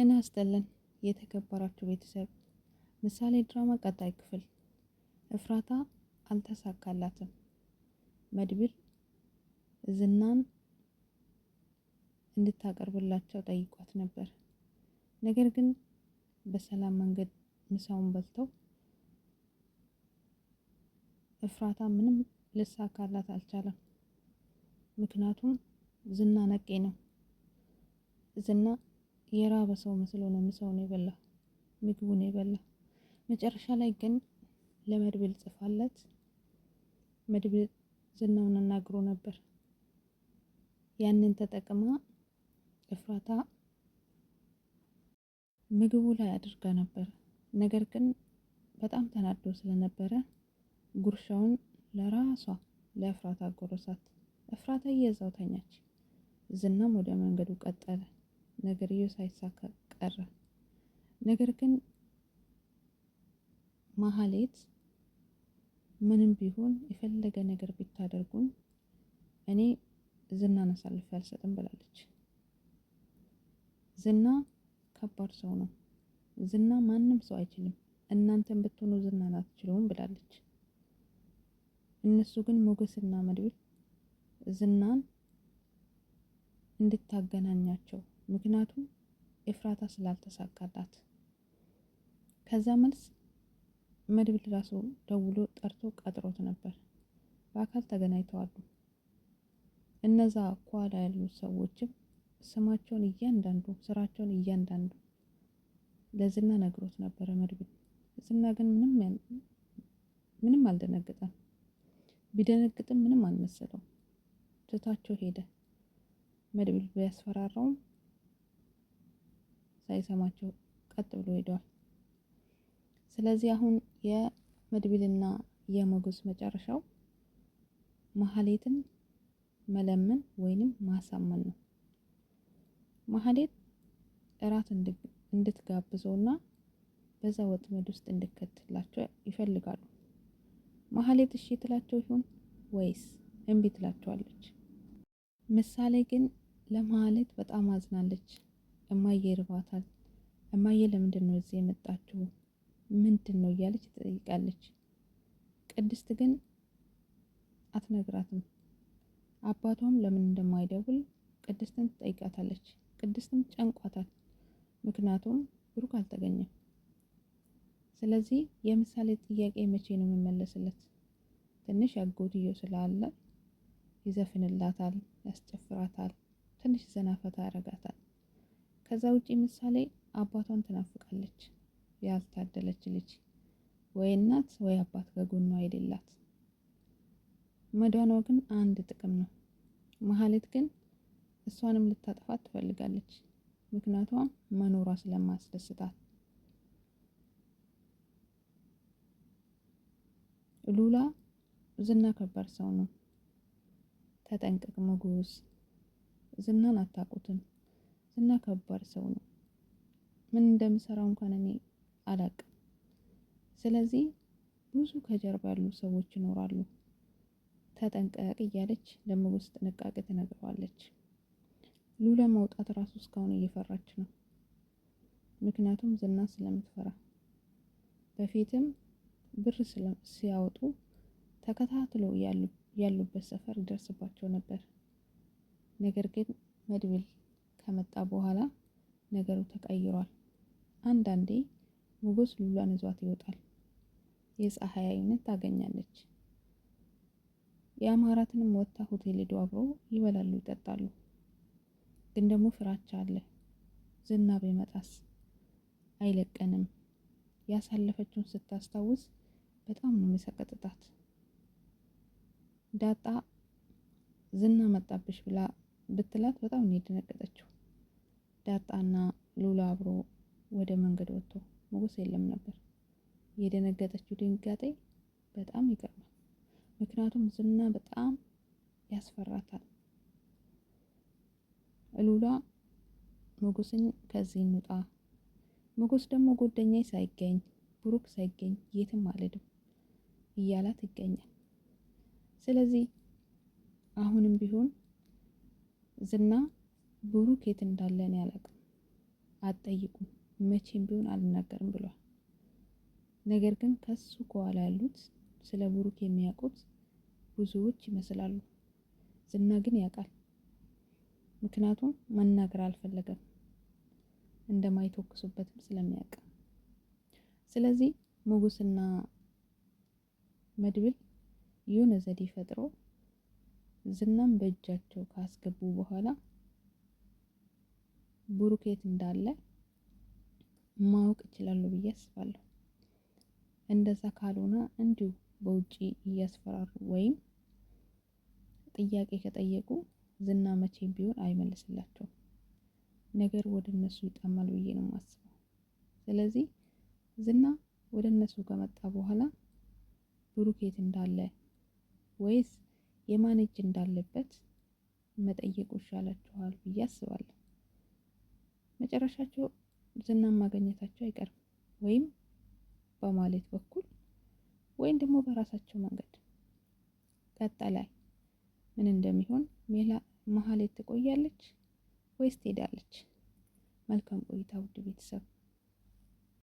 ጤና ይስጥልን የተከበራችሁ ቤተሰብ፣ ምሳሌ ድራማ ቀጣይ ክፍል። እፍራታ አልተሳካላትም። መድብር ዝናን እንድታቀርብላቸው ጠይቋት ነበር። ነገር ግን በሰላም መንገድ ምሳውን በልተው እፍራታ ምንም ልሳካላት አልቻለም። ምክንያቱም ዝና ነቄ ነው። ዝና የራበ ሰው መስሎ ነው ምሳውን የበላው ምግቡን የበላው። መጨረሻ ላይ ግን ለመድብል ጽፋለት፣ መድብል ዝናውን አናግሮ ነበር። ያንን ተጠቅማ እፍራታ ምግቡ ላይ አድርጋ ነበር። ነገር ግን በጣም ተናዶ ስለነበረ ጉርሻውን ለራሷ ለእፍራታ ጎረሳት። እፍራታ እየዛው ተኛች። ዝናም ወደ መንገዱ ቀጠለ። ነገርየው ሳይሳካ ቀረ። ነገር ግን ማህሌት ምንም ቢሆን የፈለገ ነገር ብታደርጉኝ እኔ ዝናን አሳልፌ አልሰጥም ብላለች። ዝና ከባድ ሰው ነው። ዝና ማንም ሰው አይችልም። እናንተን ብትሆኑ ዝናን አትችሉም ብላለች። እነሱ ግን ሞገስና መድብል ዝናን እንድታገናኛቸው ምክንያቱም ኤፍራታ ስላልተሳካላት። ከዛ መልስ መድብል ራሱ ደውሎ ጠርቶ ቀጥሮት ነበር። በአካል ተገናኝተዋሉ። እነዛ ከኋላ ያሉት ሰዎችም ስማቸውን እያንዳንዱ ስራቸውን እያንዳንዱ ለዝና ነግሮት ነበረ መድብል። ዝና ግን ምንም አልደነግጠም፣ ቢደነግጥም ምንም አልመሰለው ትታቸው ሄደ። መድብል ቢያስፈራራውም ሳይሰማቸው ቀጥ ብሎ ሄደዋል። ስለዚህ አሁን የመድብልና የሞገስ መጨረሻው መሀሌትን መለመን ወይንም ማሳመን ነው። መሀሌት እራት እንድትጋብዘውና በዛ ወጥመድ ውስጥ እንድከትላቸው ይፈልጋሉ። መሀሌት እሺ ትላቸው ይሆን ወይስ እምቢ ትላቸዋለች? ምሳሌ ግን ለመሀሌት በጣም አዝናለች። እማዬ ይርባታል። እማዬ ለምንድን ነው እዚህ የመጣችሁ? ምንድን ነው እያለች ትጠይቃለች። ቅድስት ግን አትነግራትም። አባቷም ለምን እንደማይደውል ቅድስትን ትጠይቃታለች። ቅድስትም ጨንቋታል። ምክንያቱም ብሩክ አልተገኘም። ስለዚህ የምሳሌ ጥያቄ መቼ ነው የምመለስለት? ትንሽ ያጎትዮ ስላለ ይዘፍንላታል፣ ያስጨፍራታል፣ ትንሽ ዘናፈታ ያረጋታል። ከዛ ውጪ ምሳሌ አባቷን ትናፍቃለች። ያልታደለች ልጅ ወይ እናት ወይ አባት በጎኗ የሌላት። መዳኗ ግን አንድ ጥቅም ነው። መሀሌት ግን እሷንም ልታጠፋት ትፈልጋለች። ምክንያቷ መኖሯ ስለማያስደስታት። ሉላ ዝና ከባድ ሰው ነው። ተጠንቀቅ ምጉስ ዝናን አታውቁትም። ዝና ከባድ ሰው ነው። ምን እንደምሰራው እንኳን እኔ አላቅም። ስለዚህ ብዙ ከጀርባ ያሉ ሰዎች ይኖራሉ፣ ተጠንቀቅ እያለች ለሞገስ ጥንቃቄ ትነግረዋለች። ሉላ መውጣት ራሱ እስካሁን እየፈራች ነው፣ ምክንያቱም ዝና ስለምትፈራ። በፊትም ብር ሲያወጡ ተከታትለው ያሉበት ሰፈር ይደርስባቸው ነበር። ነገር ግን መድብል ከመጣ በኋላ ነገሩ ተቀይሯል። አንዳንዴ ሞገስ ሉላን ይዟት ይወጣል። የፀሐይ አይነት ታገኛለች። የአማራትንም ወጥታ ሆቴል ሄዶ አብረው ይበላሉ ይጠጣሉ። ግን ደግሞ ፍራቻ አለ። ዝናብ ይመጣስ አይለቀንም። ያሳለፈችውን ስታስታውስ በጣም ነው የሚሰቀጥጣት። ዳጣ ዝና መጣብሽ ብላ ብትላት በጣም ነው የደነገጠችው። ዳጣና ሉላ አብሮ ወደ መንገድ ወጥቶ ሞገስ የለም ነበር። የደነገጠችው ድንጋጤ በጣም ይገርማል። ምክንያቱም ዝና በጣም ያስፈራታል። ሉላ ሞገስን ከዚህ እንውጣ፣ ሞገስ ደግሞ ጎደኛ ሳይገኝ ብሩክ ሳይገኝ የትም አልሄድም እያላት ይገኛል። ስለዚህ አሁንም ቢሆን ዝና ብሩክ የት እንዳለ እኔ አላውቅም፣ አትጠይቁም፣ መቼም ቢሆን አልናገርም ብሏል። ነገር ግን ከሱ ከኋላ ያሉት ስለ ብሩክ የሚያውቁት ብዙዎች ይመስላሉ። ዝና ግን ያውቃል። ምክንያቱም መናገር አልፈለገም እንደማይተኩሱበትም ስለሚያውቅ። ስለዚህ ሞገስና መድብል የሆነ ዘዴ ፈጥሮ ዝናም በእጃቸው ካስገቡ በኋላ ብሩኬት እንዳለ ማወቅ ይችላሉ ብዬ አስባለሁ። እንደዛ ካልሆነ እንዲሁ በውጪ እያስፈራሩ ወይም ጥያቄ ከጠየቁ ዝና መቼ ቢሆን አይመልስላቸውም። ነገር ወደ እነሱ ይጣማል ብዬ ነው የማስበው። ስለዚህ ዝና ወደ እነሱ ከመጣ በኋላ ብሩኬት እንዳለ ወይስ የማን እጅ እንዳለበት መጠየቁ ይሻላችኋል ብዬ አስባለሁ። መጨረሻቸው ዝናን ማገኘታቸው አይቀርም ወይም በማሌት በኩል ወይም ደግሞ በራሳቸው መንገድ ቀጣላይ ምን እንደሚሆን ሜላ መሀሌት ትቆያለች ወይስ ትሄዳለች? መልካም ቆይታ ውድ ቤተሰብ።